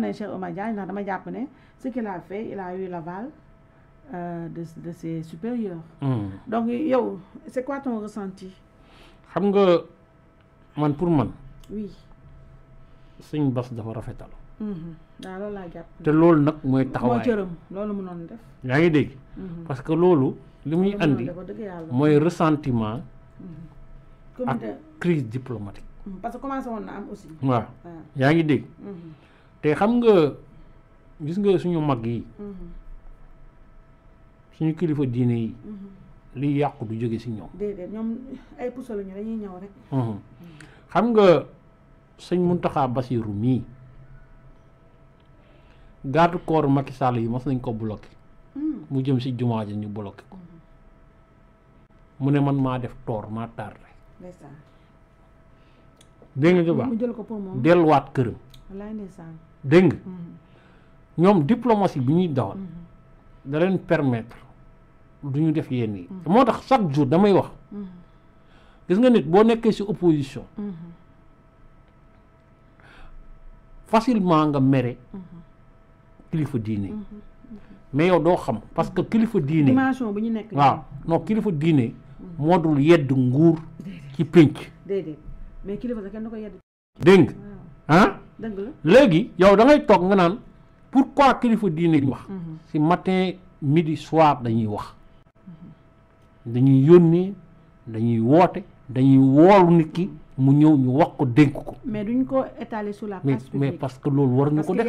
ne Cheikh Oumar Diagne ndax dama jàpp ce qu'il a fait il a eu l'aval euh, de de ses supérieurs. Hmm. donc yo, c'est quoi ton ressenti. xam nga man pour man. oui. sëñ Bass dafa rafetal. Hmm. waaw loolu laa jàpp. te loolu nag mooy taxawaay moo cëram loolu mu noonu def. yaa ngi dégg. Hmm. parce que loolu. li muy andi mooy ressentiment. ak crise diplomatique. parce que commencé woon na aussi. Wa. Ah. Y'a ngi dég. te xam nga gis nga suñu mag yi suñu kilifa diine yi li yàqu du jóge si ñoom ay dañuy ñëw rek xam nga sëñ Muntaxa Basiru mii gaddu koor Macky Sall yi mas nañ ko bloqué mu jëm si jumaaji ñu bloqué ko mu ne man maa def toor maa tardé dégg nga ba delluwaat këram dégg nga ñoom hmm. diplomatie bi ñuy dawal hmm. da leen permettre du ñu def yenn yi hmm. moo tax chaque jour damay wax gis nga nit bo nekkee ci opposition facilement nga méré. kilifa diine mais yow do xam parce que kilifa bu ñu nekk. waaw non kilifa diine modul yedd nguur ci pinch. Mais kilifa da kenn ko yedd. Deng. ah léegi yow da ngay toog nga naan pourquoi kilifa diine gi wax mm-hmm. si matin midi soir dañuy wax dañuy yónnee dañuy woote dañuy woolu nit ki mu ñëw ñu wax ko dénk ko. mais duñ ko étaler sur la place publique mais parce que loolu war ñu ko def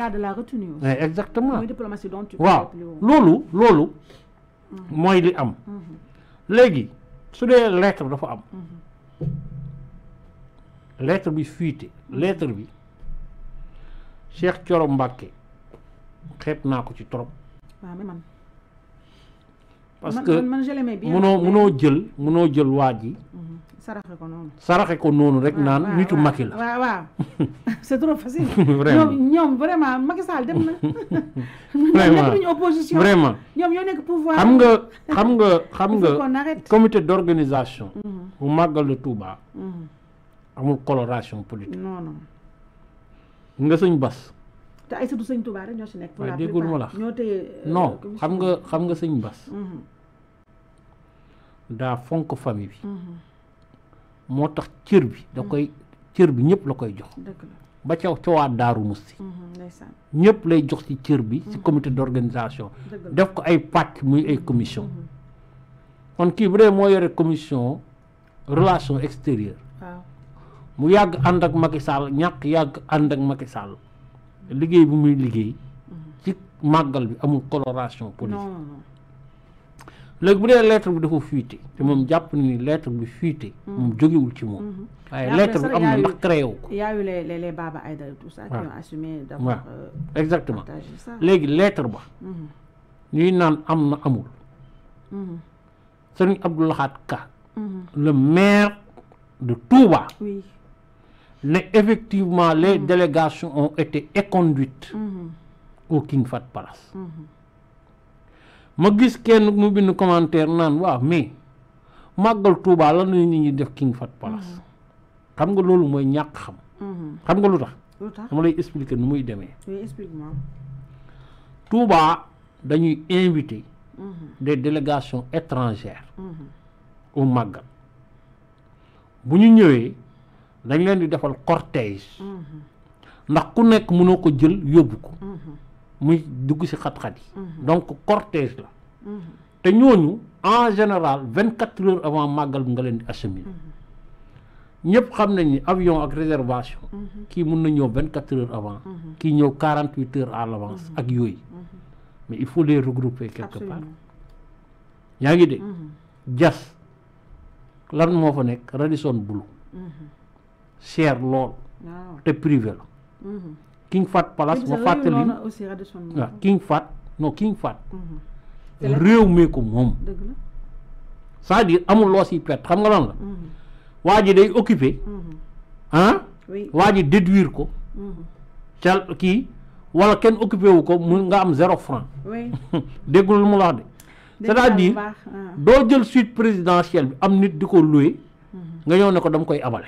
a exactement mooy diplomatie dont tu waaw loolu loolu. Mm-hmm. mooy li am. Mm-hmm. léegi su dee lettre dafa am. lettre bi fuité lettre bi. Cheikh Coro Mbàkke xeeb naa ko ci trop. waaw mais man. parce que munoo munoo jël munoo jël waa ji. Mhm. saraxe ko noonu. ko noonu rek naan nitu Macky la. waaw waaw c'est trop nekk nañu opposition vraiment. xam nga xam nga xam nga comité d'organisation. Mhm. bu màggal de Touba. Mhm. amul coloration politique. nga sëñ bas. te ay sëtu ñoo ci nekk. la ñoo téye euh, non xam nga xam nga sëñ bas. Mm-hmm. daa fonk famille bi. Mm-hmm. moo tax cër bi da koy mm-hmm. cër bi ñëpp la koy jox. ba ca coowaa daaru musti ñëpp lay jox ci cër bi ci comité d'organisation def ko ay pàcc muy ay commission kon kii bu dee moo yore commission relation extérieure mu yàgg ànd ak Macky Sall ñàkk yàgg ànd ak Macky Sall liggéey bu muy liggéey ci màggal bi amul coloration politique léegi bu dee lettre bi dafa fuité te moom jàpp na ni lettre bi fuité mm. moom jógewul ci moom mm-hmm. waaye lettre bi am na ndax créé wu ko yaayu les les Baba Aïdara tout ça euh, léegi lettre ba mm-hmm. ñuy naan am na amul mm-hmm. Serigne Abdou Lahad Ka le maire de Touba effectivement, les mm-hmm. délégations ont été éconduites mm-hmm. au King Fat Palace. Mm-hmm. ma gis kenn mu bind commentaire mais Touba King Fat Palace. xam nga xam. xam nga expliquer Touba invité. des délégations étrangères. au dañ leen di defal cortège mm-hmm. ndax ku nekk mënoo ko jël yóbbu ko mm-hmm. muy dugg si xat-xat mm-hmm. donc cortège la te en général 24 heures avant que nga leen di assemil ñëpp xam nañ ni avion ak réservation kii mën na 24 heures avant kii ñëw 48 heures à l'avance ak mais il faut les regrouper quelque part yaa ngi de jas lan moo fa nekk radison travail. cher lool. te privé la. Mhm. King Fat Palace ma fàttali waaw King Fat non King Fat. Mhm. réew mi ko moom. cest à amul loo siy perte xam nga lan la. Mhm. waa ji day occupé. ah waa ji déduire ko. cal kii wala kenn occupé wu ko mu nga am zéro franc. déggul lu mu la de. c'est-à-dire doo jël suite présidentielle bi am nit di ko loué. nga ñëw ne ko dama koy abale.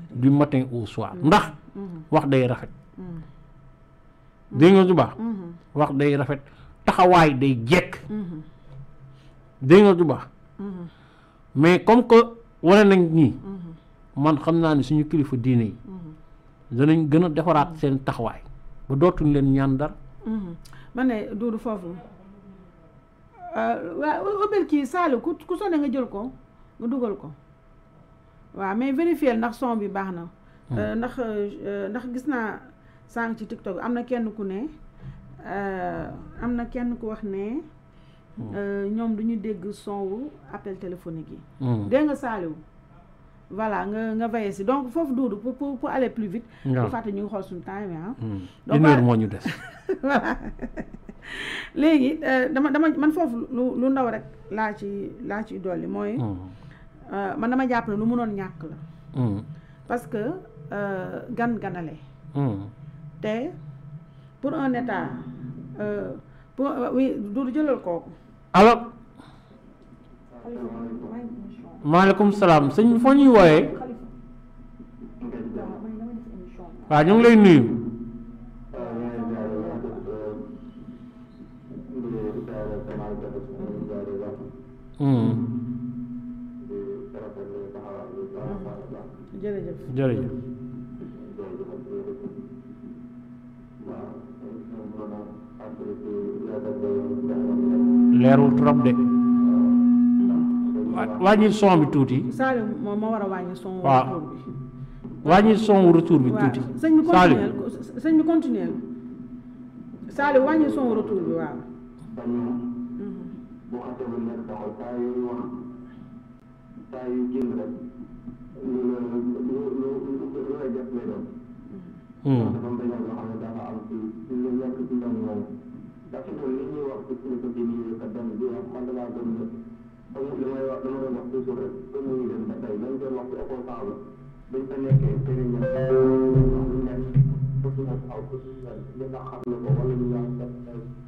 du matin au soir mm-hmm. ndax mm-hmm. wax day rafet mm-hmm. dégg nga du wax day rafet taxawaay day jekk dégg nga du baax mais comme que wane nañ nii man xam naa ne suñu kilifa diine yi danañ gën a defaraat seen taxawaay ba dootuñ leen ñaan dara ma ne Doudou foofu euh, waaw ubbil kii ku ku nga jël ko nga dugal ko waaw mais vérifier ndax son bi baax na. Oh. Euh, ndax euh, ndax gis naa sànq ci TikTok am na kenn ku ne euh, am na kenn ku wax ne. Oh. ñoom du ñu dégg son wu appel téléphonique yi. Oh. dégg nga saaliw voilà nga nga veillé si donc foofu duudu pour pour pour aller plus vite. waaw bu fàtte ñu ngi xool suñu temps yi ah. Hmm. donc une heure moo ñu des. voilà léegi dama dama man foofu lu lu ndaw rek laa ci laa ci dolli mooy. Euh, man dama jàpp ne lu mënoon ñàkk la. Hmm. parce que euh, gan ganale. Hmm. te pour un état euh, pour oui du jëlal kooku. alors. maaleykum salaam sëñ foo ñuy wooyee. waaw ñu ngi lay nuyu. Hmm. jërëjëf jërëjëf leerul trop de wàññi son bi tuuti Saliou moom moo war a wàññi son waaw wàññi son retour bi tuuti Saliou bi continuer Saliou wàññi son retour bi waaw saa yu génn rek lu lu lu lu la jot lay doon. Hmm. dafa am dañoo loo xam ne dafa am ci lu nekk ci ñoom moom ndax ci li ñuy wax ci kilifa bi nii kat dem di wax man damaa gëm ne amul li may wax dama doon wax toujours rek gëm ñu dem ba tey lañ doon wax ci opposant la buñ fa nekkee tëri ñoom wax lu nekk fukki aw fukki li nga xam ne ko wala ñu wax